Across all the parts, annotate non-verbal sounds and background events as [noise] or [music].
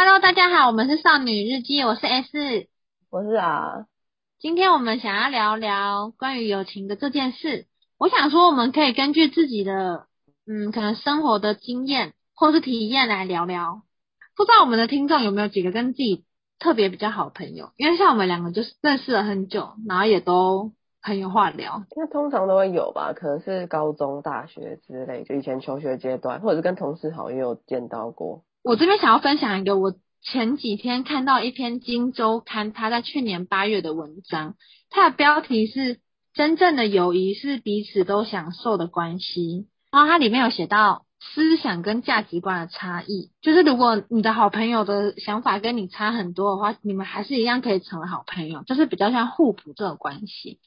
Hello，大家好，我們是少女日記，我是 S，我是啊，今天我們想要聊聊關於友情的這件事。我想說，我們可以根據自己的，嗯，可能生活的經驗或是體驗來聊聊。不知道我們的聽眾有沒有幾個跟自己特別比較好的朋友？因為像我們兩個就是認識了很久，然後也都很有話聊。那通常都會有吧，可能是高中、大學之類，就以前求學階段，或者是跟同事好像也有見到過。我這邊想要分享一個，我前幾天看到一篇《鏡週刊》他在去年八月的文章，它的標題是“真正的友誼是彼此都享受的關係”。然後它裡面有寫到思想跟價值觀的差異，就是如果你的好朋友的想法跟你差很多的話，你們還是一樣可以成為好朋友，就是比較像互補這種關係。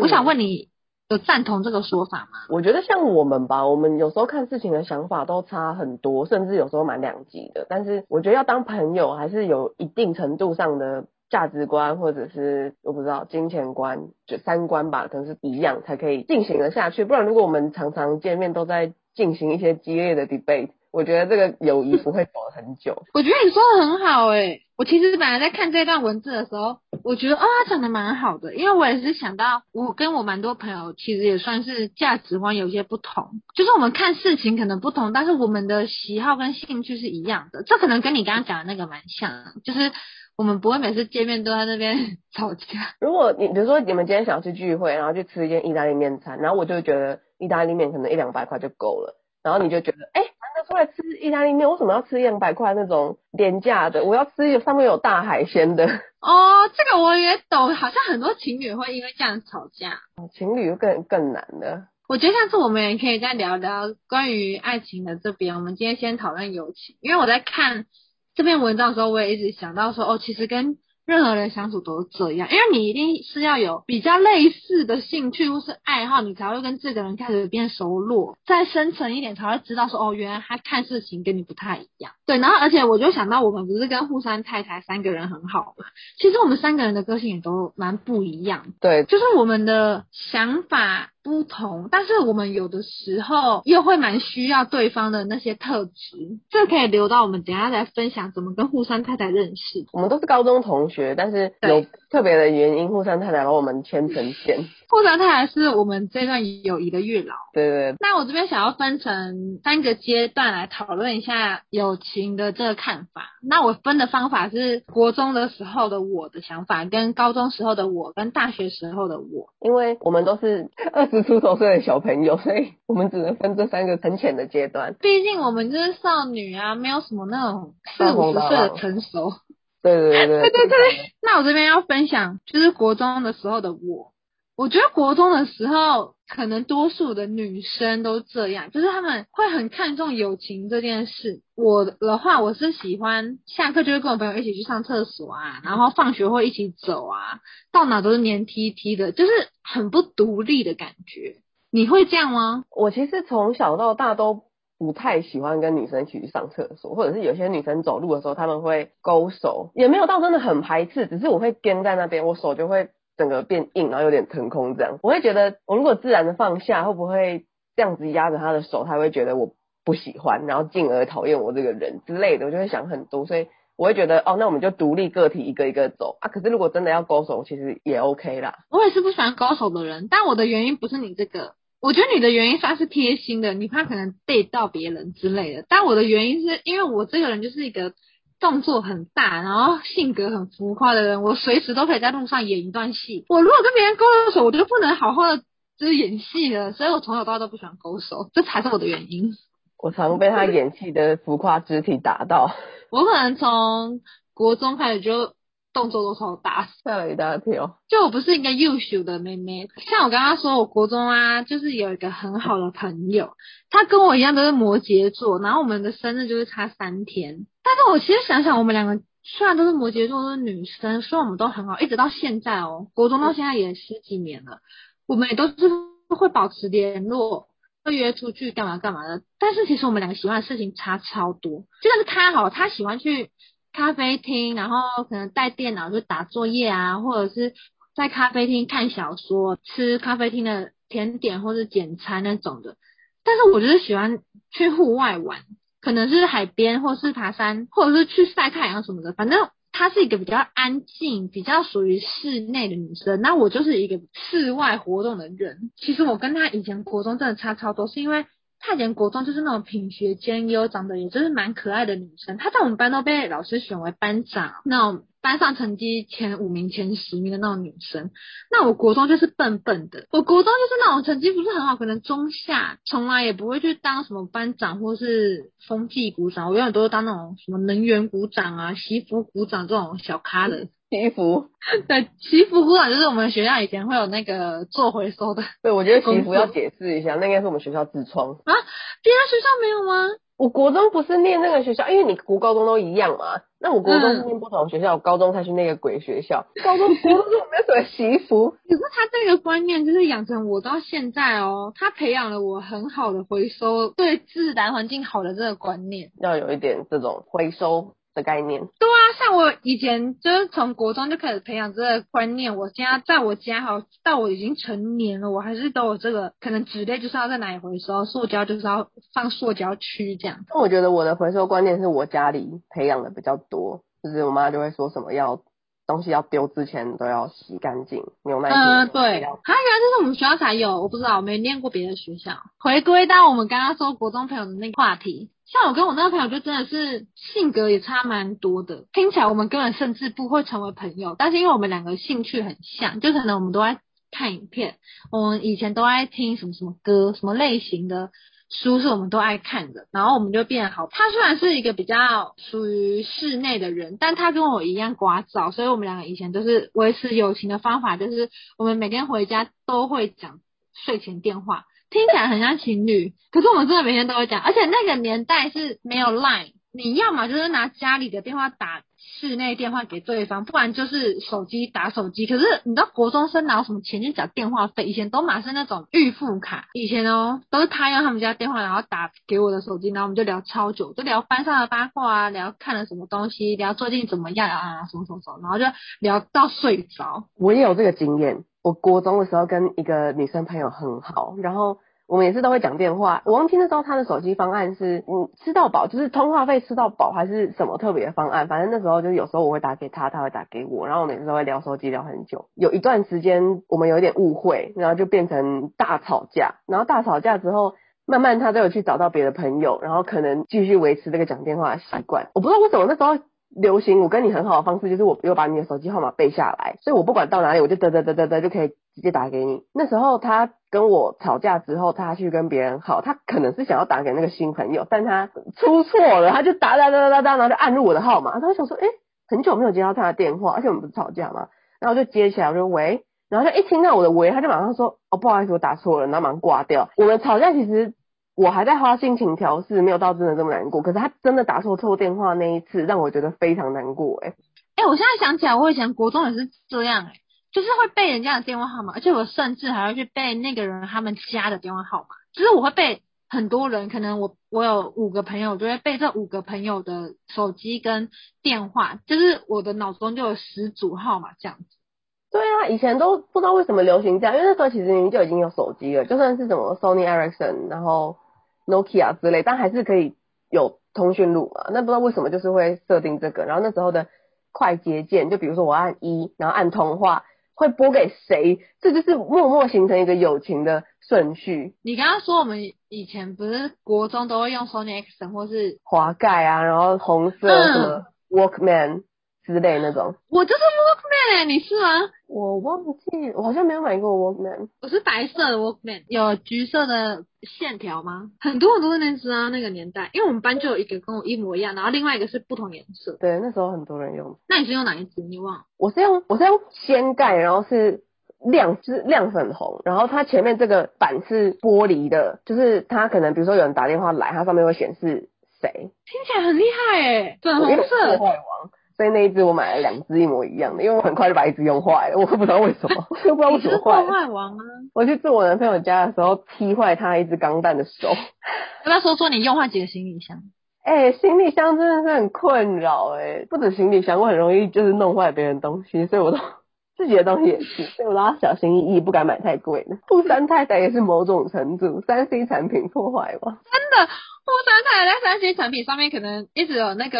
我想問你。有贊同這個說法嗎？我覺得像我們吧，我們有時候看事情的想法都差很多，甚至有時候蠻兩極的。但是我覺得要當朋友，還是有一定程度上的價值觀，或者是我不知道金錢觀，就三觀吧，可能是一樣，才可以進行的下去。不然，如果我們常常見面都在進行一些激烈的 debate，我覺得這個友誼不會走很久。 [laughs] 我覺得你說的很好哎、欸，我其實本來在看這段文字的時候。我覺得啊，哦，他講得蠻好的，因為我也是想到，我跟我蠻多朋友其實也算是價值觀有一些不同，就是我們看事情可能不同，但是我們的喜好跟興趣是一樣的，這可能跟你剛剛講的那個蠻像，就是我們不會每次見面都在那邊吵架。如果你比如說你們今天想要去聚會，然後去吃一間意大利麵餐，然後我就覺得意大利麵可能一兩百塊就夠了。然後你就覺得，誒，難得出來吃意大利麵，為什麼要吃一兩百塊那種廉價的？我要吃有上面有大海鮮的。哦，這個我也懂，好像很多情侶會因為這樣吵架。情侶又更更難的。我覺得下次我們也可以再聊聊關於愛情的這邊。我們今天先討論友情，因為我在看這篇文章的時候，我也一直想到說，哦，其實跟。任何人相處都是這樣，因為你一定是要有比較類似的興趣或是愛好，你才會跟這個人開始變熟絡，再深層一點才會知道說，哦，原來他看事情跟你不太一樣。對，然後而且我就想到，我們不是跟戶山太太三個人很好嘛？其實我們三個人的個性也都蠻不一樣。對，就是我們的想法。不同，但是我們有的時候又會蠻需要對方的那些特質，這可以留到我們等一下再分享怎麼跟戶山太太認識。我們都是高中同學，但是有。特別的原因，戶山太太把我們牽成線。戶山太太是我們這段友誼的月老。對，對對。那我這邊想要分成三個階段來討論一下友情的這個看法。那我分的方法是國中的時候的我的想法，跟高中時候的我，跟大學時候的我。因為我們都是二十出頭歲的小朋友，所以我們只能分這三個很淺的階段。畢竟我們就是少女啊，沒有什麼那種四五十歲的成熟。對對對對， [laughs] 對對對對，那我這邊要分享就是國中的時候的我，我覺得國中的時候可能多數的女生都這樣，就是他們會很看重友情這件事。我的話，我是喜歡下課就會跟我朋友一起去上廁所啊，然後放學會一起走啊，到哪都是黏踢踢的，就是很不獨立的感覺。你會這樣嗎？我其實從小到大都不太喜歡跟女生一起去上廁所，或者是有些女生走路的時候她們會勾手，也沒有到真的很排斥，只是我會跟在那邊，我手就會整個變硬，然後有點騰空這樣。我會覺得，我如果自然的放下，會不會這樣子壓着她的手，她會覺得我不喜歡，然後進而討厭我這個人之類的，我就會想很多。所以我會覺得，哦，那我們就獨立個體一個一個走啊。可是如果真的要勾手，其實也 OK 啦。我也是不喜歡勾手的人，但我的原因不是你這個。我覺得你的原因算是貼心的，你怕可能背到別人之類的。但我的原因是因為我這個人就是一個動作很大，然後性格很浮誇的人，我隨時都可以在路上演一段戲。我如果跟別人勾手，我就不能好好的就是演戲了，所以我從小到大都不喜歡勾手，這才是我的原因。我常被他演戲的浮誇肢體打到。我可能從國中開始就。動作都超大，嚇了一大跳。就我不是一個優秀的妹妹，像我剛剛說，我國中啊，就是有一個很好的朋友，她跟我一樣都是摩羯座，然後我們的生日就是差三天。但是我其實想想，我們兩個雖然都是摩羯座，都是女生，所以我們都很好，一直到現在哦，國中到現在也十幾年了，我們也都是會保持聯絡，會約出去幹嘛幹嘛的。但是其實我們兩個喜歡的事情差超多，就像是她好，她喜歡去咖啡廳，然後可能帶電腦就打作業啊，或者是在咖啡廳看小說、吃咖啡廳的甜點或是簡餐那種的。但是，我就是喜歡去戶外玩，可能是海邊，或是爬山，或者是去曬太陽什麼的。反正她是一個比較安靜、比較屬於室內的女生，那我就是一個室外活動的人。其實我跟她以前活動真的差超多，是因為。她以前國中就是那種品學兼優、長得也就是蠻可愛的女生，她在我們班都被老師選為班長，那種班上成績前五名、前十名的那種女生。那我國中就是笨笨的，我國中就是那種成績不是很好，可能中下，從來也不會去當什麼班長或是風紀股長，我永遠都是當那種什麼能源股長啊、習服股長這種小咖的。惜福，對，惜福啊，就是我們學校以前會有那個做回收的。對，我覺得惜福要解釋一下，那應該是我們學校自創。啊，其他學校沒有嗎？我國中不是念那個學校，因為你國高中都一樣嘛。那我國中是念不同的學校，嗯，我高中才去那個鬼學校。高中國中沒有什麼惜福。可是他這個觀念就是養成我到現在哦，他培養了我很好的回收、對自然環境好的這個觀念。要有一點這種回收的概念。對啊，像我以前就是從國中就開始培養這個觀念。我現在，在我家好，到我已經成年了，我還是都有這個。可能紙類就是要在哪裡回收，塑膠就是要放塑膠區這樣。那我覺得我的回收觀念是我家裡培養的比較多，就是我媽就會說什麼要東西要丟之前都要洗乾淨。牛奶嗯，對啊，原來就是我們學校才有，我不知道我沒念過別的學校。回歸到我們剛剛說國中朋友的那個話題。像我跟我那個朋友就真的是性格也差蠻多的，聽起來我們根本甚至不會成為朋友。但是因為我們兩個興趣很像，就可能我們都愛看影片，我們以前都愛聽什麼什麼歌，什麼類型的書是我們都愛看的，然後我們就變好。他雖然是一個比較屬於室內的人，但他跟我一樣聒噪，所以我們兩個以前都是維持友情的方法，就是我們每天回家都會講睡前電話。聽起來很像情侶，可是我們真的每天都會講，而且那個年代是沒有 line，你要嘛，就是拿家裡的電話打室內電話給對方，不然就是手機打手機。可是你知道國中生拿什麼錢去繳電話費？以前都嘛是那種預付卡，以前哦都是他用他們家電話，然後打給我的手機，然後我們就聊超久，就聊班上的八卦啊，聊看了什麼東西，聊最近怎麼樣啊，什麼什麼什麼，然後就聊到睡着。我也有這個經驗。我國中的時候跟一個女生朋友很好，然後我們也是都會講電話。我忘記那時候她的手機方案是，嗯，吃到飽，就是通話費吃到飽，還是什麼特別的方案？反正那時候就有時候我會打給她，她會打給我，然後我們也是會聊手機聊很久。有一段時間我們有點誤會，然後就變成大吵架，然後大吵架之後，慢慢她都有去找到別的朋友，然後可能繼續維持這個講電話的習慣。我不知道為什麼那時候。流行我跟你很好的方式就是我有把你的手機號碼背下來，所以我不管到哪裡，我就得得得得得就可以直接打給你。那時候他跟我吵架之後，他去跟別人好，他可能是想要打給那個新朋友，但他出錯了，他就噠噠噠噠噠，然後就按入我的號碼。他想說，哎、欸，很久沒有接到他的電話，而且我們不是吵架嗎？然後就接起來，我說喂，然後他一聽到我的喂，他就馬上說，哦，不好意思，我打錯了，然後馬上掛掉。我們吵架其實。我還在花心情調試，沒有到真的這麼難過。可是他真的打錯錯電話那一次，讓我覺得非常難過、欸。哎、欸，我現在想起來，我以前國中也是這樣、欸，哎，就是會背人家的電話號碼，而且我甚至還要去背那個人他們家的電話號碼。就是我會背很多人，可能我我有五個朋友，就會背這五個朋友的手機跟電話。就是我的腦中就有十組號碼這樣子。對啊，以前都不知道為什麼流行這樣，因為那時候其實你就已經有手機了，就算是什麼 Sony Ericsson，然後。Nokia 之類，但還是可以有通訊錄嘛，那不知道為什麼就是會設定這個。然後那時候的快捷鍵，就比如說我按一，然後按通話會撥給誰？這就是默默形成一個友情的順序。你剛剛說我們以前不是國中都會用 Sony Ericsson 或是滑蓋啊，然後紅色什麼、嗯、Walkman 之類那種。我就是 Walkman。對，你是嗎？我忘記，我好像沒有買過 Walkman。我是白色的 Walkman，有橘色的線條嗎？很多很多都是那只啊，那個年代，因為我們班就有一個跟我一模一樣，然後另外一個是不同顏色。對，那時候很多人用。那你是用哪一只？你忘？我是用我是用掀蓋，然後是亮，就是亮粉紅，然後它前面這個板是玻璃的，就是它可能比如說有人打電話來，它上面會顯示誰。聽起來很厲害誒、欸，粉紅色。所以那一隻我買了兩隻一模一樣的，因為我很快就把一隻用壞了，我不知道為什麼，我就不知道為什麼壞了。是破壞王、啊、我去住我男朋友家的時候踢壞他一隻鋼彈的手。跟他說說你用壞幾個行李箱？哎、欸，行李箱真的是很困擾哎、欸，不止行李箱，我很容易就是弄壞別人東西，所以我都自己的東西也是，所以我都要小心翼翼，不敢買太貴的。戶山太太也是某種程度 3C 產品破壞王。真的，戶山太太在 3C 產品上面可能一直有那個。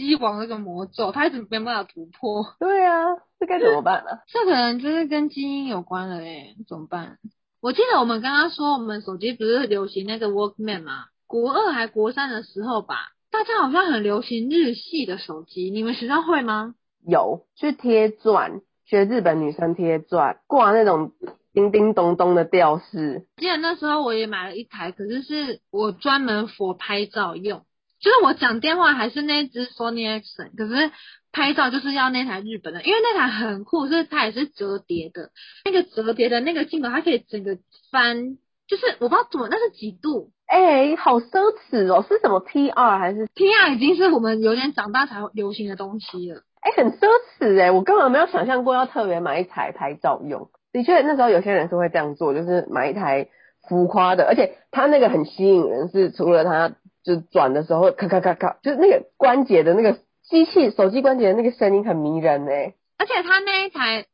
雞王那個魔咒，他一直沒辦法突破。對啊，這該怎麼辦呢、啊？ [laughs] 這可能就是跟基因有關了誒、欸、怎麼辦？我記得我們剛剛說，我們手機不是流行那個 Workman 嘛？國二還國三的時候吧，大家好像很流行日系的手機。你們學校會嗎？有去貼鑽，學日本女生貼鑽，過完那種叮叮咚咚、咚的吊飾。記得那時候我也買了一台，可是是我專門 for 拍照用。就是我講電話還是那支 Sony Action，可是拍照就是要那台日本的，因為那台很酷，就是它也是折疊的，那個折疊的那個鏡頭它可以整個翻，就是我不知道怎麼那是幾度，哎、欸，好奢侈哦，是什麼 P R 還是 P R 已經是我們有點長大才會流行的東西了，哎、欸，很奢侈哎、欸，我根本沒有想象過要特別買一台拍照用，的確，那時候有些人是會這樣做，就是買一台浮誇的，而且它那個很吸引人，是除了它。就轉的時候咔咔咔咔，就是那個關節的那個機器手機關節的那個聲音很迷人呢、欸。而且它那一台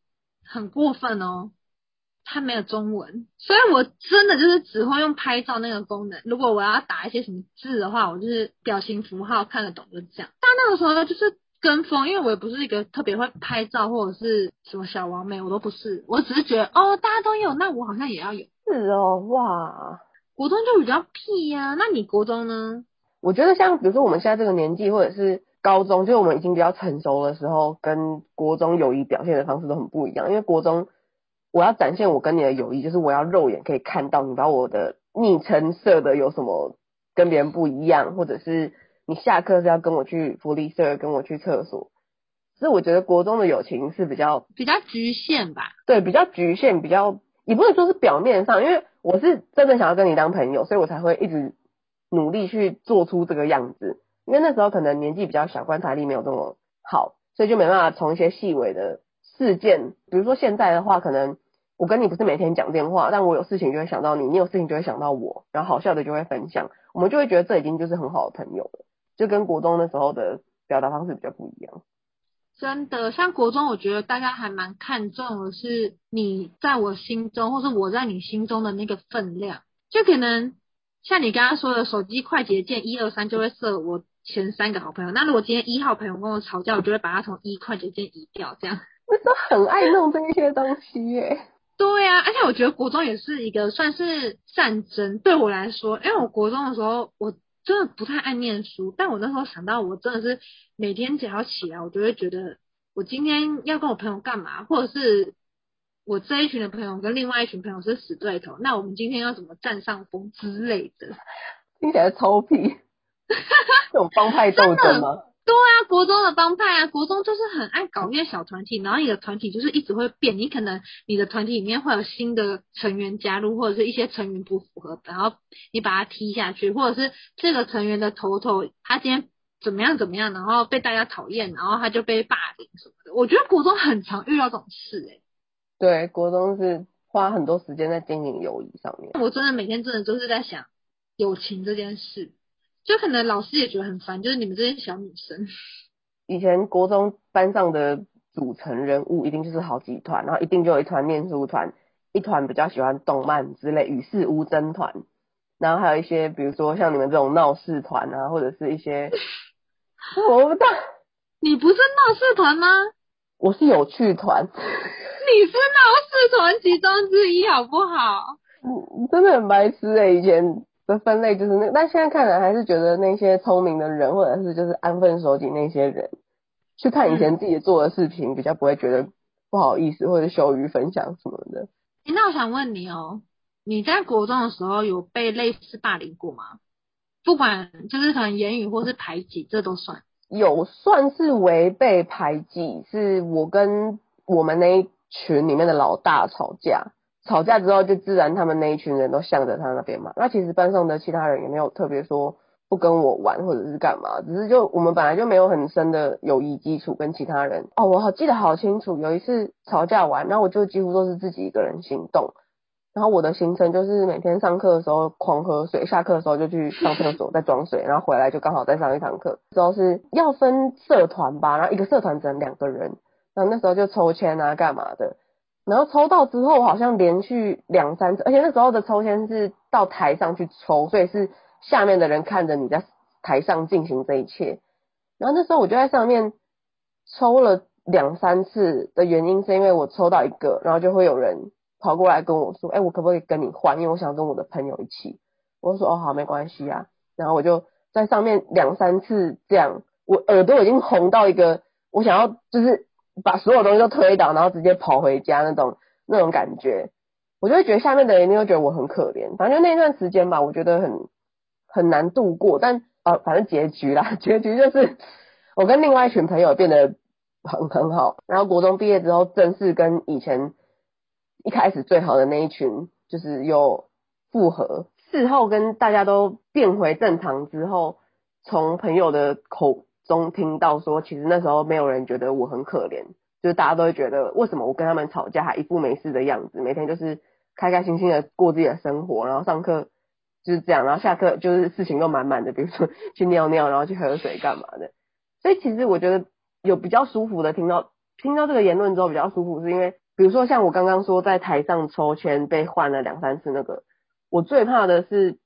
很過分哦，它沒有中文，所以我真的就是只會用拍照那個功能。如果我要打一些什麼字的話，我就是表情符號看得懂就這樣。但那個時候呢，就是跟風，因為我也不是一個特別會拍照或者是什麼小網美，我都不是，我只是覺得哦，大家都有，那我好像也要有。是哦，哇。國中就比較屁呀、啊，那你國中呢？我覺得像比如說我們現在這個年紀，或者是高中，就是我們已經比較成熟的時候，跟國中友誼表現的方式都很不一樣。因為國中，我要展現我跟你的友誼，就是我要肉眼可以看到你把我的昵稱設的有什麼跟別人不一樣，或者是你下課是要跟我去福利社，跟我去廁所。所以我覺得國中的友情是比較比較局限吧？對，比較局限，比較。也不能說是表面上，因為我是真正想要跟你當朋友，所以我才會一直努力去做出這個樣子。因為那時候可能年紀比較小，觀察力沒有這麼好，所以就沒辦法從一些細微的事件，比如說現在的話，可能我跟你不是每天講電話，但我有事情就會想到你，你有事情就會想到我，然後好笑的就會分享，我們就會覺得這已經就是很好的朋友了，就跟國中那時候的表達方式比較不一樣。真的，像國中，我覺得大家還蠻看重的是你在我心中，或是我在你心中的那個分量。就可能像你剛剛說的，手機快捷鍵一二三就會設我前三個好朋友。那如果今天一號朋友跟我吵架，我就會把他從一快捷鍵移掉。這樣，我都很愛弄這一些東西，耶。 [laughs] 對啊，而且我覺得國中也是一個算是戰爭，對我來說，因為我國中的時候我。真的不太愛念書，但我那時候想到，我真的是每天只要起來，我就會覺得，我今天要跟我朋友幹嘛，或者是我這一群的朋友跟另外一群朋友是死對頭，那我們今天要怎麼占上風之類的，聽起來臭屁，這種幫派鬥爭嗎？ [laughs] 對啊，國中的幫派啊，國中就是很愛搞一些小團體，然後你的團體就是一直會變，你可能你的團體裡面會有新的成員加入，或者是一些成員不符合，然後你把他踢下去，或者是這個成員的頭頭他今天怎麼樣怎麼樣，然後被大家討厭，然後他就被霸凌什麼的。我覺得國中很常遇到這種事哎、欸。對，國中是花很多時間在經營友誼上面。我真的每天真的就是在想友情這件事。就可能老師也覺得很煩，就是你們這些小女生。以前國中班上的組成人物一定就是好幾團，然後一定就有一團念書團，一團比較喜歡動漫之類與世無爭團，然後還有一些比如說像你們這種鬧事團啊，或者是一些 [laughs] 我不知道。你不是鬧事團嗎？我是有趣團。 [laughs] 你是鬧事團其中之一，好不好？真的很白痴欸，以前。的分類就是那個，但現在看來還是覺得那些聰明的人，或者是就是安分守己那些人，去看以前自己做的視頻，比較不會覺得不好意思或者羞於分享什麼的。嗯，那我想問你哦，你在國中的時候有被類似霸凌過嗎？不管就是可能言語或是排擠，這都算。有，算是違背排擠，是我跟我們那一群裡面的老大吵架。吵架之後就自然他們那一群人都向着他那邊嘛。那其實班上的其他人也沒有特別說不跟我玩或者是幹嘛，只是就我們本來就沒有很深的友誼基礎跟其他人。哦，我好記得好清楚，有一次吵架完，然後我就幾乎都是自己一個人行動。然後我的行程就是每天上課的時候狂喝水，下課的時候就去上廁所再裝水，然後回來就剛好再上一堂課。之後是要分社團吧，然後一個社團只能兩個人，然後那時候就抽籤啊幹嘛的。然後抽到之後，我好像連續兩三次，而且那時候的抽籤是到台上去抽，所以是下面的人看着你在台上進行這一切。然後那時候我就在上面抽了兩三次的原因，是因為我抽到一個，然後就會有人跑過來跟我說：“哎、欸，我可不可以跟你換？因為我想跟我的朋友一起。”我就說：“哦，好，沒關係啊。”然後我就在上面兩三次這樣，我耳朵已經紅到一個，我想要就是。把所有東西都推倒，然後直接跑回家那種那種感覺，我就會覺得下面的人一定會覺得我很可憐。反正就那段時間吧，我覺得很很難度過。但啊、呃、反正結局啦，結局就是我跟另外一群朋友變得很很好。然後國中畢業之後，正式跟以前一開始最好的那一群，就是又復合。事後跟大家都變回正常之後，從朋友的口。中聽到說，其實那時候沒有人覺得我很可憐，就是大家都會覺得，為什麼我跟他們吵架還一副沒事的樣子，每天就是開開心心的過自己的生活，然後上課就是這樣，然後下課就是事情都滿滿的，比如說去尿尿，然後去喝水幹嘛的。所以其實我覺得有比較舒服的，聽到聽到這個言論之後比較舒服，是因為比如說像我剛剛說在台上抽籤被換了兩三次那個，我最怕的是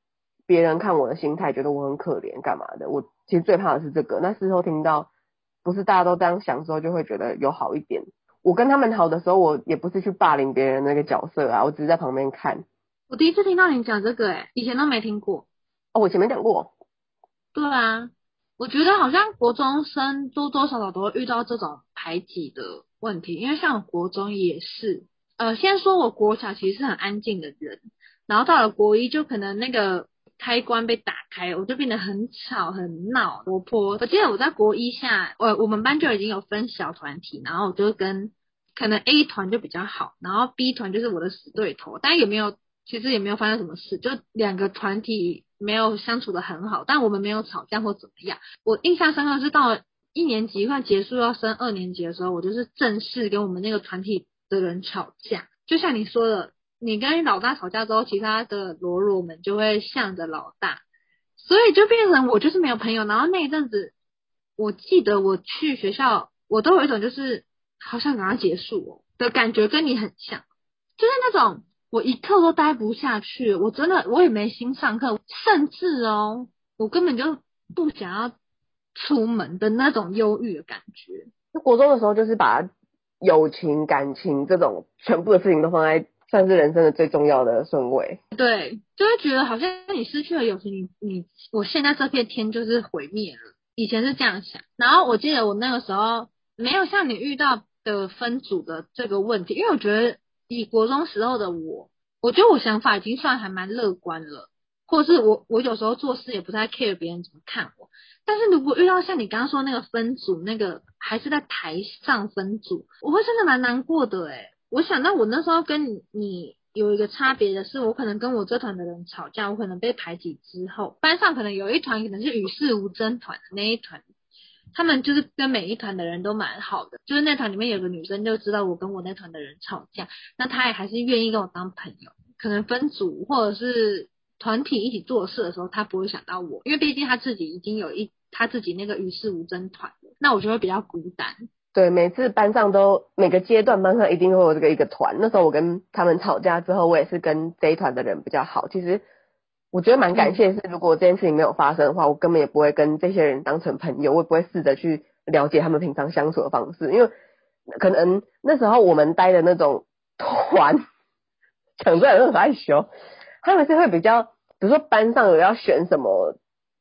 別人看我的心態覺得我很可憐幹嘛的，我。其實最怕的是這個。那事後聽到，不是大家都這樣想之後，就會覺得有好一點。我跟他們好的時候，我也不是去霸凌別人那個角色啊，我只是在旁邊看。我第一次聽到你講這個，欸，誒以前都沒聽過。哦，我前面講過。對啊，我覺得好像國中生多多少少都會遇到這種排擠的問題，因為像國中也是。呃，先說我國小其實是很安靜的人，然後到了國一就可能那個。開關被打開，我就變得很吵、很鬧，我婆，我記得我在國一下，我我們班就已經有分小團體，然後我就跟可能 A 團就比較好，然後 B 團就是我的死對頭，但也沒有，其實也沒有發生什麼事，就兩個團體沒有相處的很好，但我們沒有吵架或怎麼樣。我印象深刻是到一年級快結束要升二年級的時候，我就是正式跟我們那個團體的人吵架，就像你說的。你跟老大吵架之後，其他的羅羅們就會向着老大，所以就變成我就是沒有朋友。然後那一陣子，我記得我去學校，我都有一種就是好想趕快結束哦的感覺，跟你很像，就是那種我一刻都待不下去，我真的我也沒心上課，甚至哦，我根本就不想要出門的那種憂鬱的感覺。那國中的時候，就是把友情、感情這種全部的事情都放在。算是人生的最重要的順位，對，就會覺得好像你失去了友情，有時，你你，我現在這片天就是毀滅了。以前是這樣想，然後我記得我那個時候沒有像你遇到的分組的這個問題，因為我覺得以國中時候的我，我覺得我想法已經算還蠻樂觀了，或者是我我有時候做事也不太 care 別人怎麼看我。但是如果遇到像你剛剛說那個分組，那個還是在台上分組，我會真的蠻難過的誒、欸我想到我那時候跟你，你有一個差別的，是我可能跟我這團的人吵架，我可能被排擠之後，班上可能有一團可能是與世無爭團的那一團，他們就是跟每一團的人都蠻好的，就是那團裡面有個女生就知道我跟我那團的人吵架，那她也還是願意跟我當朋友。可能分組或者是團體一起做事的時候，她不會想到我，因為畢竟她自己已經有一她自己那個與世無爭團，那我就會比較孤單。對，每次班上都每個階段班上一定會有這個一個團。那時候我跟他們吵架之後，我也是跟這一團的人比較好。其實我覺得蠻感謝，是如果這件事情沒有發生的話，我根本也不會跟這些人當成朋友，我也不會試着去了解他們平常相處的方式。因為可能那時候我們待的那種團，講出來真的很害羞。他們是會比較，比如說班上有要選什麼，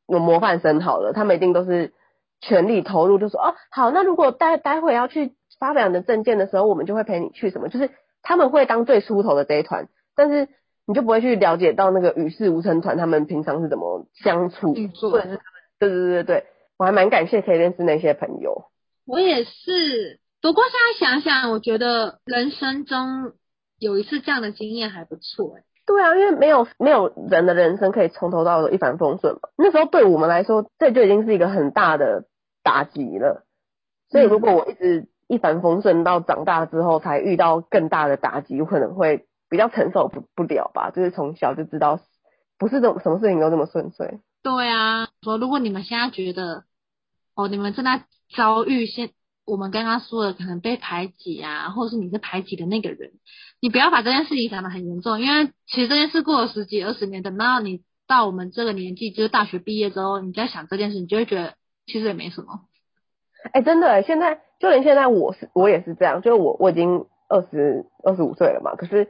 有模範生好了，他們一定都是。全力投入，就說哦好，那如果待待會要去發表你的政見的時候，我們就會陪你去什麼？就是他們會當最出頭的這一團，但是你就不會去了解到那個與世無爭團他們平常是怎麼相處，或者是對、嗯、對對對對，我還蠻感謝可以認識那些朋友。我也是，不過現在想想，我覺得人生中有一次這樣的經驗還不錯哎。對啊，因為沒有沒有人的人生可以從頭到尾一帆風順嘛。那時候對我們來說，這就已經是一個很大的打擊了。所以如果我一直一帆風順到長大之後才遇到更大的打擊，我可能會比較承受不不了吧。就是從小就知道不是這種什麼事情都這麼順遂。對啊，說如果你們現在覺得，哦，你們正在遭遇現。我們剛剛說的可能被排擠啊，或者是你是排擠的那個人，你不要把這件事情想得很嚴重，因為其實這件事過了十幾二十年，等到你到我們這個年紀，就是大學畢業之後，你再想這件事，你就會覺得其實也沒什麼。哎、欸，真的，欸，現在就連現在我是我也是這樣，就是我我已經二十二十五歲了嘛，可是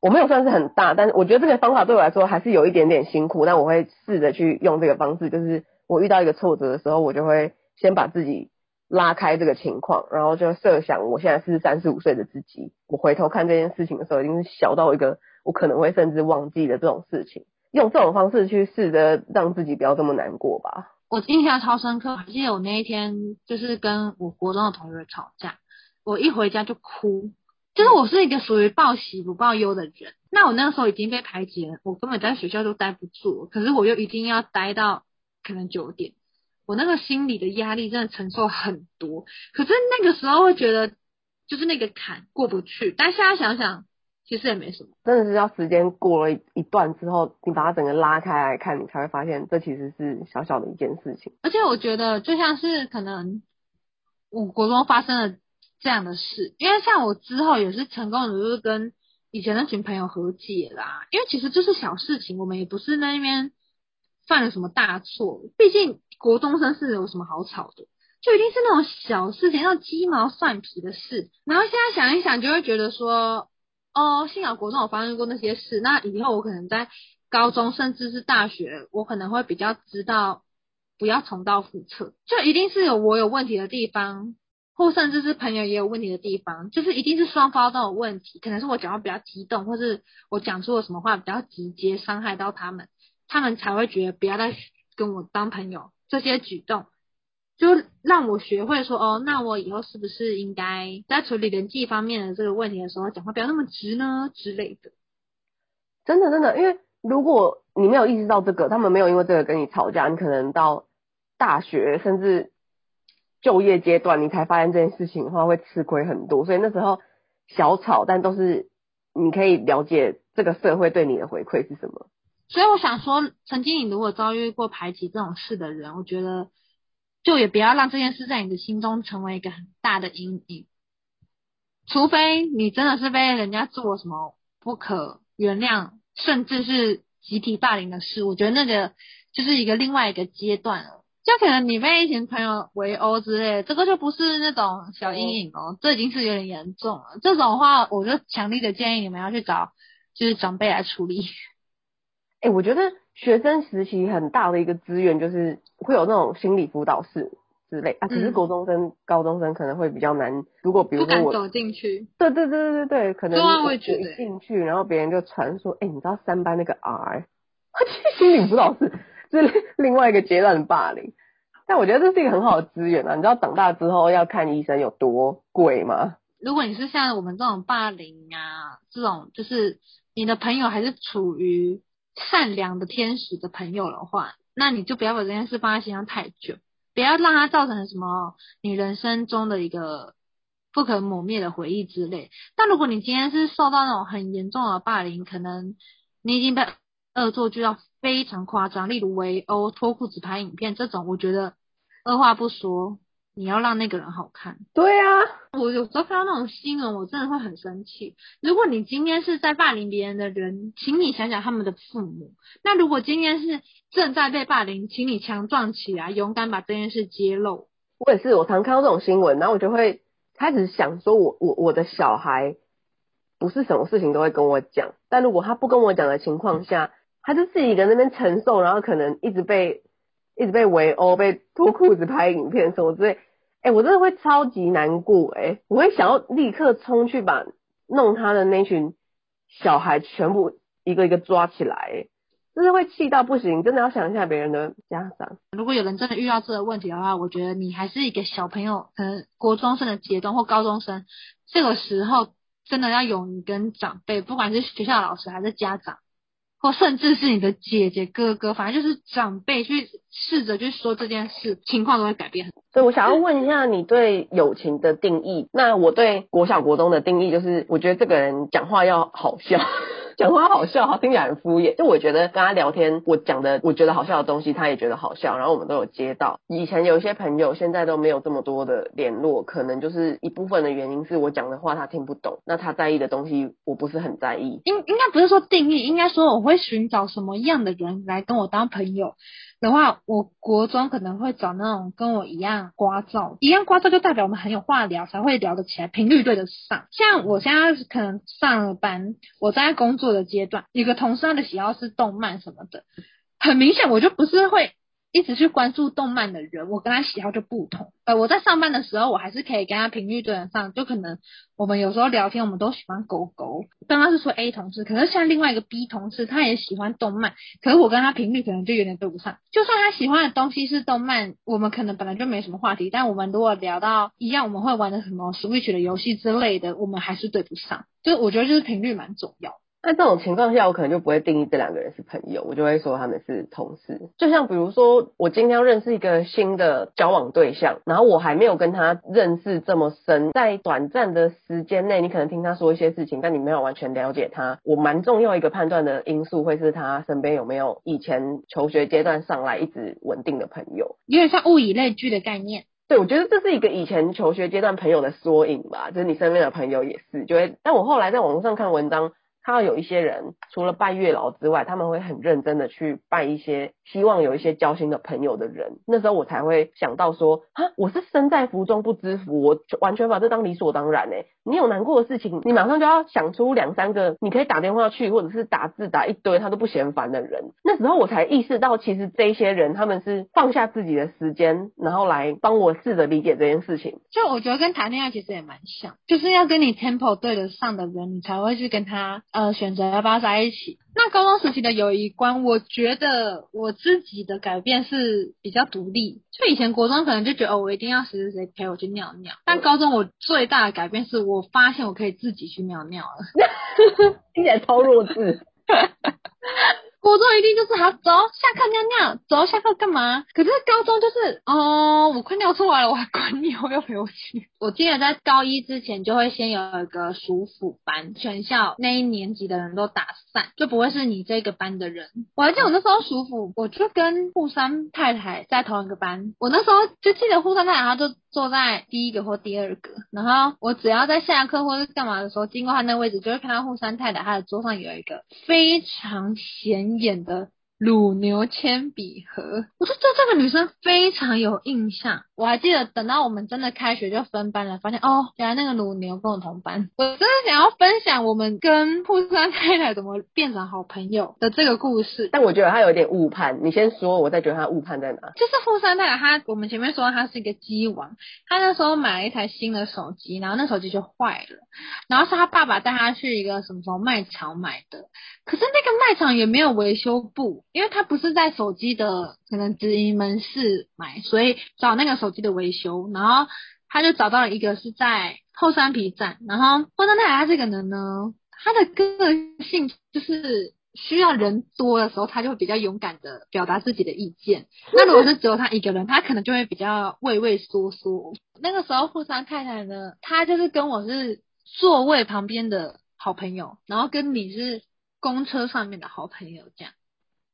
我沒有算是很大，但我覺得這個方法對我來說還是有一點點辛苦，但我會試着去用這個方式，就是我遇到一個挫折的時候，我就會先把自己。拉開這個情況，然後就設想我現在是三十五歲的自己，我回頭看這件事情的時候，一定是小到一個我可能會甚至忘記的這種事情。用這種方式去試着讓自己不要這麼難過吧。我印象超深刻，我記得我那一天就是跟我國中的同學吵架，我一回家就哭。就是我是一個屬於報喜不報憂的人，那我那個時候已經被排擠了，我根本在學校就待不住，可是我又一定要待到可能九點。我那個心理的壓力真的承受很多，可是那個時候會覺得就是那個坎過不去，但現在想想其實也沒什麼。真的是要時間過了一段之後，你把它整個拉開來看，你才會發現這其實是小小的一件事情。而且我覺得就像是可能，我國中發生了這樣的事，因為像我之後也是成功的，就是跟以前那群朋友和解啦。因為其實這是小事情，我們也不是那邊。犯了什麼大錯？畢竟國中生是有什麼好吵的？就一定是那種小事情，那種雞毛蒜皮的事。然後現在想一想，就會覺得說，哦，幸好國中我發生過那些事。那以後我可能在高中甚至是大學，我可能會比較知道不要重蹈覆轍。就一定是有我有問題的地方，或甚至是朋友也有問題的地方，就是一定是雙方都有問題。可能是我講話比較激動，或是我講出了什麼話比較直接，傷害到他們。他們才會覺得不要再跟我當朋友，這些舉動就讓我學會說哦，那我以後是不是應該在處理人際方面的這個問題的時候，講話不要那麼直呢之類的？真的，真的，因為如果你沒有意識到這個，他們沒有因為這個跟你吵架，你可能到大學甚至就業階段，你才發現這件事情的話會吃虧很多。所以那時候小吵，但都是你可以了解這個社會對你的回饋是什麼。所以我想說，曾經你如果遭遇過排擠這種事的人，我覺得就也不要讓這件事在你的心中成為一個很大的陰影。除非你真的是被人家做什麼不可原諒，甚至是集體霸凌的事，我覺得那個就是一個另外一個階段了。就可能你被一群朋友圍毆之類，這個就不是那種小陰影哦，嗯、這已經是有點嚴重了。這種話，我就強力的建議你們要去找就是長輩來處理。哎，我覺得學生時期很大的一個資源就是會有那種心理輔導室之類啊，只是國中生、嗯、高中生可能會比較難。如果比如說我走進去，對對對對對對，可能我，會覺得我一進去，然後別人就傳說，哎，你知道三班那個 R，他、啊、去心理輔導室，這是另外一個階段的霸凌。但我覺得這是一個很好的資源啊，你知道長大之後要看醫生有多貴嗎？如果你是像我們這種霸凌啊，這種就是你的朋友還是處於。善良的天使的朋友的話，那你就不要把這件事放在心上太久，不要讓它造成什麼你人生中的一個不可磨滅的回憶之類。但如果你今天是受到那種很嚴重的霸凌，可能你已經被惡作劇到非常誇張，例如圍毆、脫褲子、拍影片這種，我覺得二話不說。你要讓那個人好看。對啊，我有時候看到那種新聞，我真的會很生氣。如果你今天是在霸凌別人的人，請你想想他們的父母；那如果今天是正在被霸凌，請你強壯起來，勇敢把這件事揭露。我也是，我常看到這種新聞，然後我就會開始想說我：我我我的小孩不是什麼事情都會跟我講，但如果他不跟我講的情況下、嗯，他就自己在那邊承受，然後可能一直被。一直被圍毆、被脫褲子拍影片的時候，我真的，哎、欸，我真的會超級難過、欸，哎，我會想要立刻衝去把弄他的那群小孩全部一個一個抓起來、欸，哎，就是會氣到不行，真的要想一下別人的家長。如果有人真的遇到這個問題的話，我覺得你還是一個小朋友，可能國中生的階段或高中生，這個時候真的要勇於跟長輩，不管是學校老師還是家長。或甚至是你的姐姐哥哥，反正就是長輩去試着去說這件事，情況都會改變。所以對，我想要問一下你對友情的定義。那我對國小國中的定義就是，我覺得這個人講話要好笑。講話好笑，好，聽起來很敷衍。就我覺得跟他聊天，我講的我覺得好笑的東西，他也覺得好笑，然後我們都有接到。以前有一些朋友，現在都沒有這麼多的聯絡，可能就是一部分的原因是我講的話他聽不懂，那他在意的東西我不是很在意。應應該不是說定義，應該說我會尋找什麼樣的人來跟我當朋友，的話，我國中可能會找那種跟我一樣聒噪，一樣聒噪就代表我們很有話聊，才會聊得起來，頻率對得上。像我現在可能上了班，我在工作的階段，一個同事他的喜好是動漫什麼的，很明顯我就不是會。一直去關注動漫的人，我跟他喜好就不同。呃，我在上班的時候，我還是可以跟他頻率對得上。就可能我們有時候聊天，我們都喜歡狗狗。剛剛是說 A 同事，可是像另外一個 B 同事，他也喜歡動漫，可是我跟他頻率可能就有點對不上。就算他喜歡的東西是動漫，我們可能本來就沒什麼話題。但我們如果聊到一樣，我們會玩的什麼 Switch 的遊戲之類的，我們還是對不上。就我覺得，就是頻率蠻重要。那這種情況下，我可能就不會定義這兩個人是朋友，我就會說他們是同事。就像比如說，我今天要認識一個新的交往對象，然後我還沒有跟他認識這麼深，在短暫的時間內，你可能聽他說一些事情，但你沒有完全了解他。我蠻重要一個判斷的因素會是他身邊有沒有以前求學階段上來一直穩定的朋友，有點像物以類聚的概念。對，我覺得這是一個以前求學階段朋友的縮影吧，就是你身邊的朋友也是，就會。但我後來在網絡上看文章。他有一些人，除了拜月老之外，他們會很認真的去拜一些希望有一些交心的朋友的人。那時候我才會想到說，啊，我是身在福中不知福，我完全把這當理所當然誒、欸、你有難過的事情，你馬上就要想出兩三個，你可以打電話去或者是打字打一堆，他都不嫌煩的人。那時候我才意識到，其實這些人他們是放下自己的時間，然後來幫我試着理解這件事情。就我覺得跟談戀愛其實也蠻像，就是要跟你 tempo 對得上的人，你才會去跟他。呃，選擇要趴在一起。那高中時期的友誼觀，我覺得我自己的改變是比較獨立。就以前國中可能就覺得，哦，我一定要誰誰誰陪我去尿尿。但高中我最大的改變是，我發現我可以自己去尿尿了。聽起來超弱智。 [laughs] 初中一定就是好，走下課尿尿，走下課幹嘛？可是高中就是，哦，我快尿出來了，我還管你，尿，要陪我去。我記得在高一之前就會先有一個暑輔班，全校那一年級的人都打散，就不會是你這個班的人。我還記得我那時候暑輔，我就跟戶山太太在同一個班。我那時候就記得戶山太太，她就坐在第一個或第二個，然後我只要在下課或是幹嘛的時候經過她那個位置，就會看到戶山太太她的桌上有一個非常顯眼。演的。乳牛鉛筆盒，我就對這個女生非常有印象。我還記得，等到我們真的開學就分班了，發現哦，原來那個乳牛跟我同班。我真的想要分享我們跟戶山太太怎麼變成好朋友的這個故事。但我覺得她有點誤判。你先說，我再覺得她誤判在哪。就是戶山太太，她我們前面說她是一個雞王，她那時候買了一台新的手機，然後那手機就壞了，然後是她爸爸帶她去一個什麼什麼賣場買的，可是那個賣場也沒有維修部。因為他不是在手機的可能直營門市買，所以找那個手機的維修，然後他就找到了一個是在後山皮站。然後戶山太太他這個人呢，他的個性就是需要人多的時候，他就會比較勇敢的表達自己的意見。那如果是只有他一個人，他可能就會比較畏畏縮縮。那個時候戶山太太呢，他就是跟我是座位旁邊的好朋友，然後跟你是公車上面的好朋友這樣。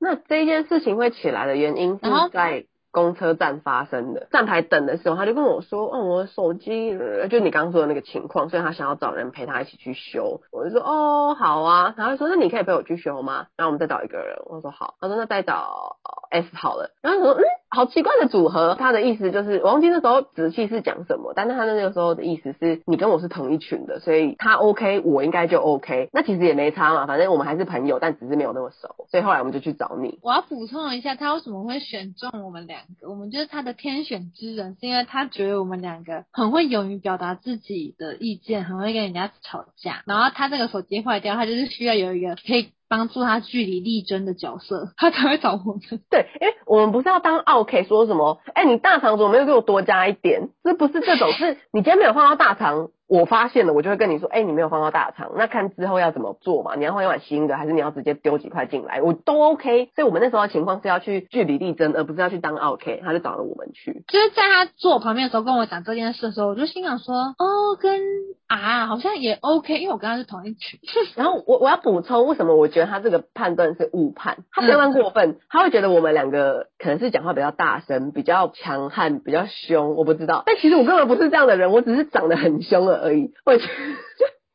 那這件事情會起來的原因是在、啊，公車站發生的站牌等的時候，他就跟我說：“哦、嗯，我的手機就你剛剛說的那個情況，所以他想要找人陪他一起去修。”我就說：“哦，好啊。”然後他說：“那你可以陪我去修嗎？”然後我們再找一個人。我說：“好。”他說：“那再找 S 好了。”然後他說：“嗯，好奇怪的組合。”他的意思就是，我忘記那時候仔細是講什麼，但是他那個時候的意思是你跟我是同一群的，所以他 OK，我應該就 OK。那其實也沒差嘛，反正我們還是朋友，但只是沒有那麼熟，所以後來我們就去找你。我要補充一下，他為什麼會選中我們兩？我們就是他的天選之人，是因為他覺得我們兩個很會勇於表達自己的意見，很會跟人家吵架。然後他這個手機壞掉，他就是需要有一個可以幫助他距離力爭的角色，他才會找我們。對，因為我們不是要當奧 K 說什麼？哎，你大腸怎麼又給我多加一點？這不是這種， [laughs] 是你今天沒有放到大腸。我發現了，我就會跟你說，哎、欸，你沒有放到大腸，那看之後要怎麼做嘛？你要換一碗新的，還是你要直接丟幾塊進來？我都 OK。所以，我們那時候的情況是要去據理力爭，而不是要去當 OK。他就找了我們去。就是在他坐我旁邊的時候，跟我講這件事的時候，我就心想說，哦，跟。啊，好像也 OK，因為我跟他是同一群。 [laughs] 然後我我要補充，為什麼我覺得他這個判斷是誤判？他相當過分，嗯、他會覺得我們兩個可能是講話比較大聲、比較強悍、比較凶。我不知道，但其實我根本不是這樣的人，我只是長得很凶了而已。我覺得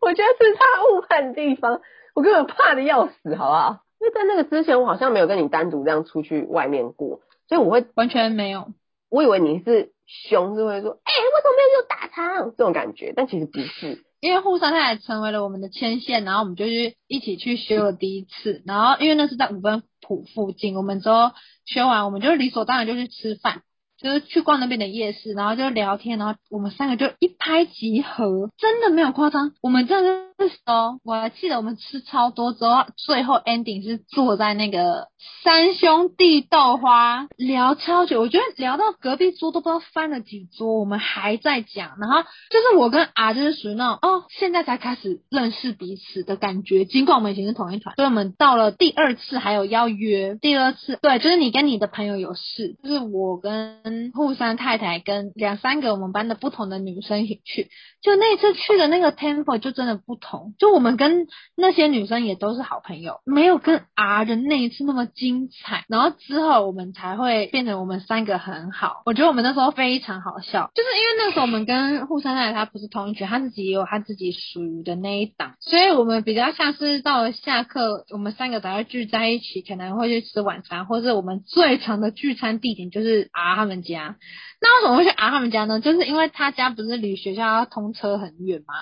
我覺得是他誤判的地方，我根本怕得要死，好不好？因為在那個之前，我好像沒有跟你單獨這樣出去外面過，所以我會完全沒有。我以為你是。熊就會說，哎、欸，為什麼沒有用大倉這種感覺？但其實不是，因為戶山太也成為了我們的牽線，然後我們就是一起去修了第一次。然後因為那是在五分埔附近，我們之後修完，我們就理所當然就去吃飯。就是去逛那邊的夜市，然後就聊天，然後我們三個就一拍即合，真的沒有誇張，我們真的是哦。我還記得我們吃超多之後，最後 ending 是坐在那個三兄弟豆花聊超久，我覺得聊到隔壁桌都不知道翻了幾桌，我們還在講。然後就是我跟阿珍就是屬於那種哦，現在才開始認識彼此的感覺，儘管我們以前是同一團。所以我們到了第二次還有邀約，第二次對，就是你跟你的朋友有事，就是我跟。跟戶山太太跟兩三個我們班的不同的女生一起去，就那次去的那個 temple 就真的不同。就我們跟那些女生也都是好朋友，沒有跟 R 的那一次那麼精彩。然後之後我們才會變成我們三個很好。我覺得我們那時候非常好笑，就是因為那時候我們跟戶山太太她不是同一群，她自己也有她自己屬於的那一檔，所以我們比較像是到了下課，我們三個才會聚在一起，可能會去吃晚餐，或是我們最常的聚餐地點就是 R 他們家，那為什麼會去啊他們家呢？就是因為他家不是離學校要通車很遠嗎？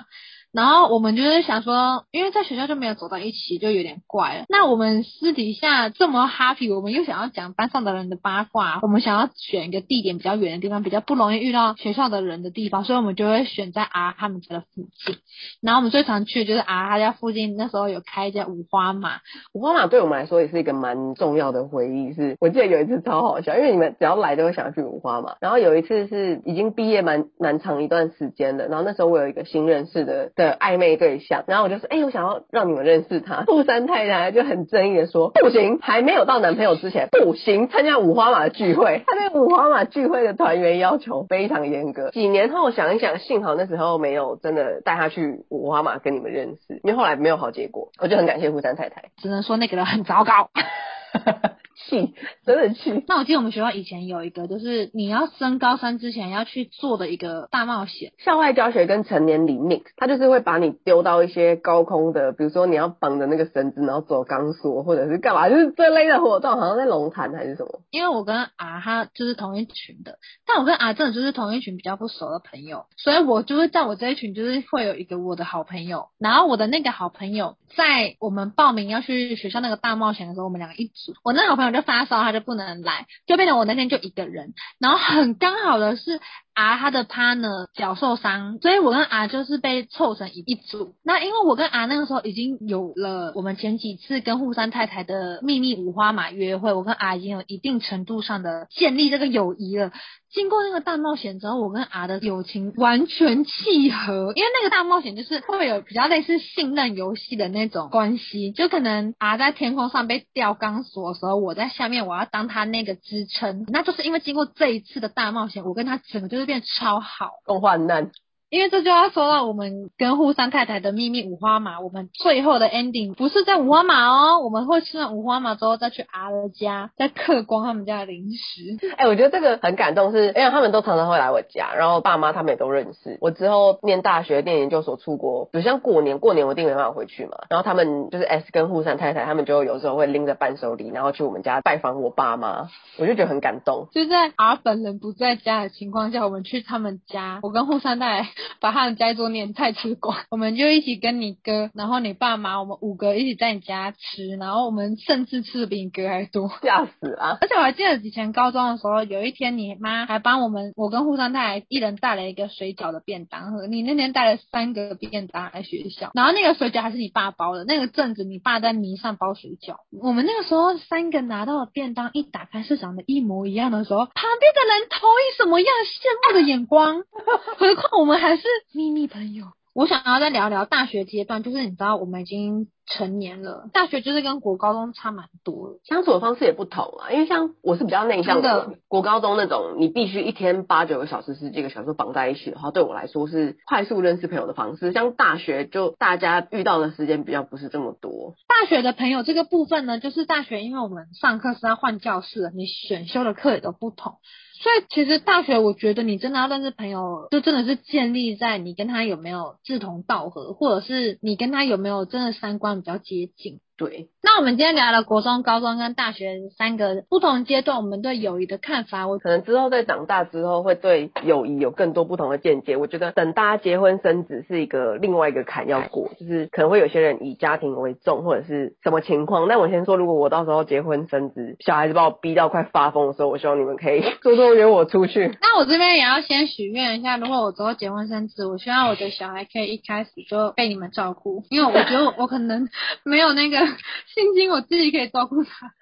然後我們就是想說，因為在學校就沒有走到一起，就有點怪了。那我們私底下這麼 happy，我們又想要講班上的人的八卦，我們想要選一個地點比較遠的地方，比較不容易遇到學校的人的地方，所以我們就會選在阿他們家的附近。然後我們最常去就是阿他家附近，那時候有開一家五花馬。五花馬對我們來說也是一個蠻重要的回憶是。是我記得有一次超好笑，因為你們只要來都會想要去五花馬。然後有一次是已經畢業蠻蠻，蠻長一段時間了，然後那時候我有一個新認識的。的曖昧對象，然後我就說，哎、欸，我想要讓你們認識他。戶山太太就很正義的說，不行，還沒有到男朋友之前，不行，參加五花馬的聚會。他對五花馬聚會的團員要求非常嚴格。幾年後想一想，幸好那時候沒有真的帶他去五花馬跟你們認識，因為後來沒有好結果。我就很感謝戶山太太，只能說那個人很糟糕。 [laughs] 氣真的氣。那我記得我們學校以前有一個，就是你要升高三之前要去做的一個大冒險，校外教學跟成年禮命，他就是會把你丟到一些高空的，比如說你要綁着那個繩子，然後走鋼索或者是幹嘛，就是這類的活動，好像在龍潭還是什麼。因為我跟阿他就是同一群的，但我跟阿真的就是同一群比較不熟的朋友，所以我就是在我這一群就是會有一個我的好朋友，然後我的那個好朋友在我們報名要去學校那個大冒險的時候，我們兩個一組，我那好朋友就發燒，他就不能來，就變成我那天就一個人。然後很剛好的是。啊，他的 partner 腳受傷，所以我跟啊，就是被湊成一一組。那因為我跟啊那個時候已經有了我們前幾次跟戶山太太的秘密五花馬約會，我跟啊已經有一定程度上的建立這個友誼了。經過那個大冒險之後，我跟啊的友情完全契合，因為那個大冒險就是會有比較類似信任遊戲的那種關係，就可能啊在天空上被吊鋼索的時候，我在下面，我要當他那個支撐，那就是因為經過這一次的大冒險，我跟他整個就是。這邊超好，共患難。因為這句話說到我們跟戶山太太的秘密五花馬，我們最後的 ending 不是在五花馬哦，我們會吃完五花馬之後再去 R 的家，再嗑光他們家的零食。哎、欸，我覺得這個很感動是，是因為他們都常常會來我家，然後爸媽他們也都認識我。之後念大學、念研究所、出國，比如像過年，過年我一定沒辦法回去嘛。然後他們就是 S 跟戶山太太，他們就有時候會拎着伴手禮，然後去我們家拜訪我爸媽，我就覺得很感動。就在 R 本人不在家的情況下，我們去他們家，我跟戶山太太。把他們家一桌年菜吃光，我們就一起跟你哥，然後你爸媽，我們五個一起在你家吃，然後我們甚至吃的比你哥還多，嚇死了。而且我還記得以前高中的時候，有一天你媽還幫我們，我跟戶山太一人帶了一個水餃的便當盒，你那天帶了三個便當來學校，然後那個水餃還是你爸包的，那個陣子你爸在泥上包水餃，我們那個時候三個拿到便當一打開是長得一模一樣的時候，旁邊的人投以什麼樣羨慕的眼光？何況我們還。還是秘密朋友。我想要再聊聊大學階段，就是你知道我們已經成年了，大學就是跟國高中差蠻多，相處的方式也不同啊。因為像我是比較內向的，的，國高中那種你必須一天八九個小時十幾個小時綁在一起，的話，對我來說是快速認識朋友的方式。像大學就大家遇到的時間比較不是這麼多。大學的朋友這個部分呢，就是大學因為我們上課是要換教室了，你選修的課也都不同。所以其實大學，我覺得你真的要認識朋友，就真的是建立在你跟他有沒有志同道合，或者是你跟他有沒有真的三觀比較接近。對，那我們今天聊了國中、高中跟大學三個不同階段，我們對友誼的看法。我覺得可能之後在長大之後，會對友誼有更多不同的見解。我覺得等大家結婚生子是一個另外一個坎要過，就是可能會有些人以家庭為重，或者是什麼情況。那我先說，如果我到時候結婚生子，小孩子把我逼到快發瘋的時候，我希望你們可以偷偷約我出去。 [laughs] 那我這邊也要先許願一下，如果我之後結婚生子，我希望我的小孩可以一開始就被你們照顧，因為我覺得我，我可能沒有那個。 [laughs] 信心我自己可以照顧他，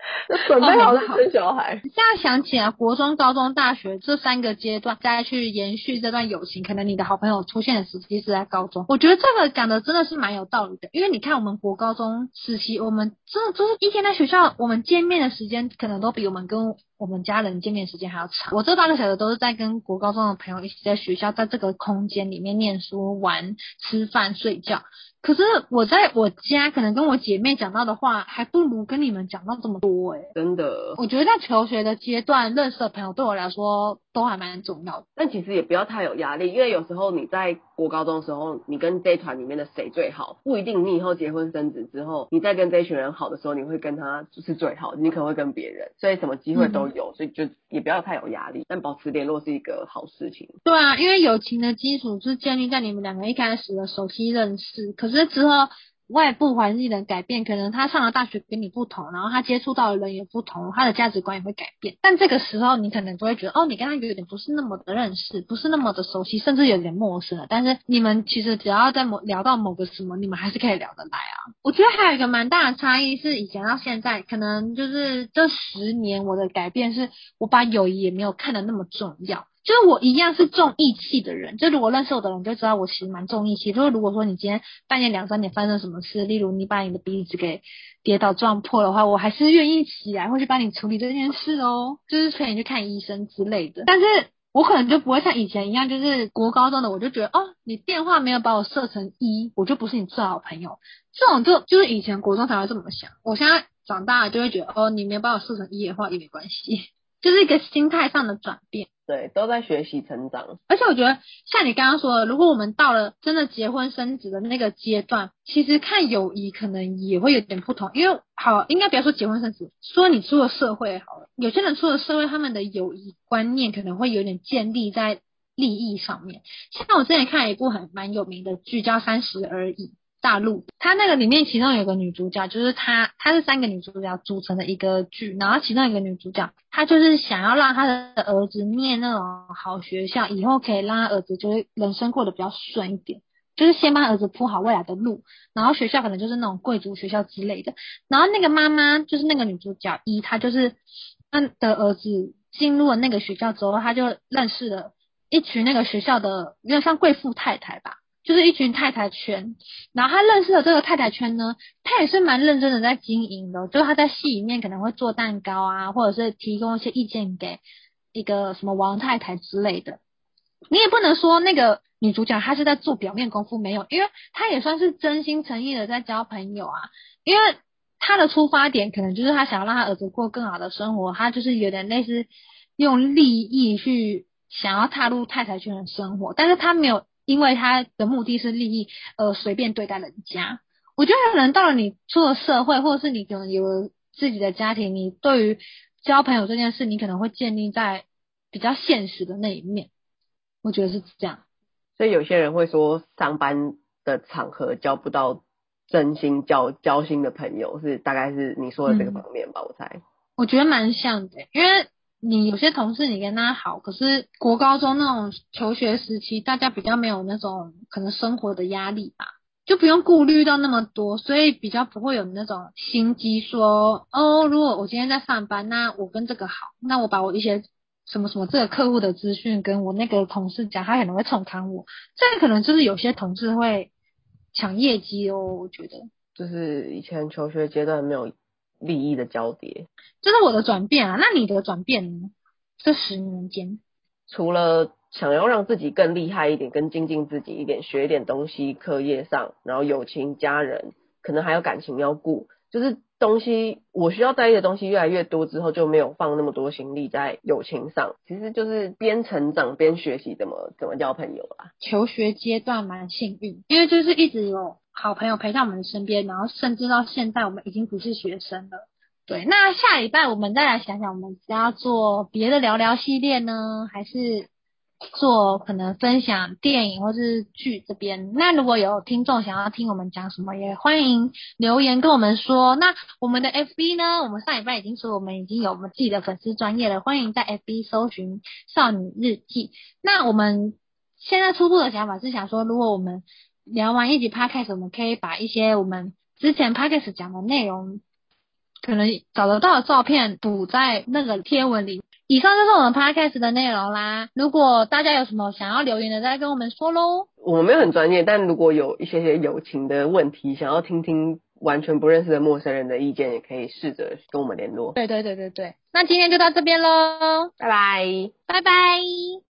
準 [laughs] 備、oh, 好了。小孩，現在想起來，啊，國中、高中、大學這三個階段再去延續這段友情，可能你的好朋友出現的時期是在高中。我覺得這個講的真的是蠻有道理的，因為你看我們國高中時期，我們真的就是一天在學校，我們見面的時間可能都比我們跟我們家人見面時間還要長。我這半個小時都是在跟國高中的朋友一起在學校，在這個空間裡面念書、玩、吃飯、睡覺。可是我在我家，可能跟我姐妹講到的話，還不如跟你們講到這麼多哎。真的，我覺得在求學的階段認識的朋友，對我來說都還蠻重要的。但其實也不要太有壓力，因為有時候你在。我高中時候，你跟這一團裡面的誰最好，不一定。你以後結婚生子之後，你再跟這一群人好的時候，你會跟他就是最好，你可能會跟別人，所以什麼機會都有。嗯，所以就也不要太有壓力，但保持聯絡是一個好事情。對啊，因為友情的基礎是建立在你們兩個一開始的熟悉認識，可是之後。外部環境的改變，可能他上了大學跟你不同，然後他接觸到的人也不同，他的價值觀也會改變。但這個時候，你可能都會覺得，哦，你跟他有點不是那麼的認識，不是那麼的熟悉，甚至有點陌生了。但是你們其實只要在某聊到某個什麼，你們還是可以聊得來啊。我覺得還有一個蠻大的差異是，以前到現在，可能就是這十年我的改變是，我把友誼也沒有看得那麼重要。就是我一樣是重義氣的人，就如果認識我的人，就知道我其實蠻重義氣。就是如果說你今天半夜兩三點發生什麼事，例如你把你的鼻子給跌倒撞破的話，我還是願意起來會去幫你處理這件事哦，就是催你去看醫生之類的。但是我可能就不會像以前一樣，就是國高中的我就覺得哦，你電話沒有把我設成一，我就不是你最好的朋友。這種就就是以前國中才會這麼想，我現在長大了就會覺得哦，你沒有把我設成一的話也沒關係，就是一個心態上的轉變。對，都在學習成長。而且我覺得，像你剛剛說的，如果我們到了真的結婚生子的那個階段，其實看友誼可能也會有點不同。因為好，應該不要說結婚生子，說你出了社會好了。有些人出了社會，他們的友誼觀念可能會有點建立在利益上面。像我之前看了一部很蠻有名的劇叫《三十而已》。大陸，她那個裡面其中有個女主角，就是她，她是三個女主角組成的一個劇，然後其中一個女主角，她就是想要讓她的兒子念那種好學校，以後可以讓她兒子就是人生過得比較順一點，就是先幫兒子鋪好未來的路，然後學校可能就是那種貴族學校之類的，然後那個媽媽就是那個女主角一，她就是她的兒子進入了那個學校之後，她就認識了一群那個學校的有點像貴婦太太吧。就是一群太太圈，然後他認識的這個太太圈呢，他也是蠻認真的在經營的。就是他在戲裡面可能會做蛋糕啊，或者是提供一些意見給一個什麼王太太之類的。你也不能說那個女主角她是在做表面功夫，沒有，因為她也算是真心誠意的在交朋友啊。因為她的出發點可能就是她想要讓她兒子過更好的生活，她就是有點類似用利益去想要踏入太太圈的生活，但是她沒有。因為他的目的是利益，呃，隨便對待人家。我覺得人到了你出了社會，或者是你可能有自己的家庭，你對於交朋友這件事，你可能會建立在比較現實的那一面。我覺得是這樣。所以有些人會說，上班的場合交不到真心交交心的朋友，是大概是你說的這個方面吧，嗯，我猜。我覺得蠻像的，因為。你有些同事你跟他好，可是國高中那種求學時期，大家比較沒有那種可能生活的壓力吧，就不用顧慮到那麼多，所以比較不會有那種心機說哦，如果我今天在上班，那我跟這個好，那我把我一些什麼什麼這個客戶的資訊跟我那個同事講，他可能會寵貪我。這可能就是有些同事會搶業績哦，我覺得就是以前求學階段沒有。利益的交疊，這是我的轉變啊。那你的轉變呢？這十年間，除了想要讓自己更厲害一點，更精進自己一點，學一點東西，課業上，然後友情、家人，可能還有感情要顧，就是東西我需要在意的東西越來越多之後，就沒有放那麼多心力在友情上。其實就是邊成長邊學習怎麼怎麼交朋友啦。求學階段蠻幸運，因為就是一直有好朋友陪在我們的身邊，然後甚至到現在，我們已經不是學生了。對，那下禮拜我們再來想想，我們是要做別的聊聊系列呢，還是做可能分享電影或是劇這邊？那如果有聽眾想要聽我們講什麼，也歡迎留言跟我們說。那我們的 FB 呢？我們上禮拜已經說我們已經有我們自己的粉絲專頁了，歡迎在 FB 搜尋少女日記。那我們現在初步的想法是想說，如果我們聊完一集 podcast，我們可以把一些我們之前 podcast 講的內容，可能找得到的照片補在那個貼文裡。以上就是我們 podcast 的內容啦。如果大家有什麼想要留言的，再跟我們說嘍。我沒有很專業，但如果有一些些友情的問題，想要聽聽完全不認識的陌生人的意見，也可以試着跟我們聯絡。對對對對對，那今天就到這邊嘍，拜拜，拜拜。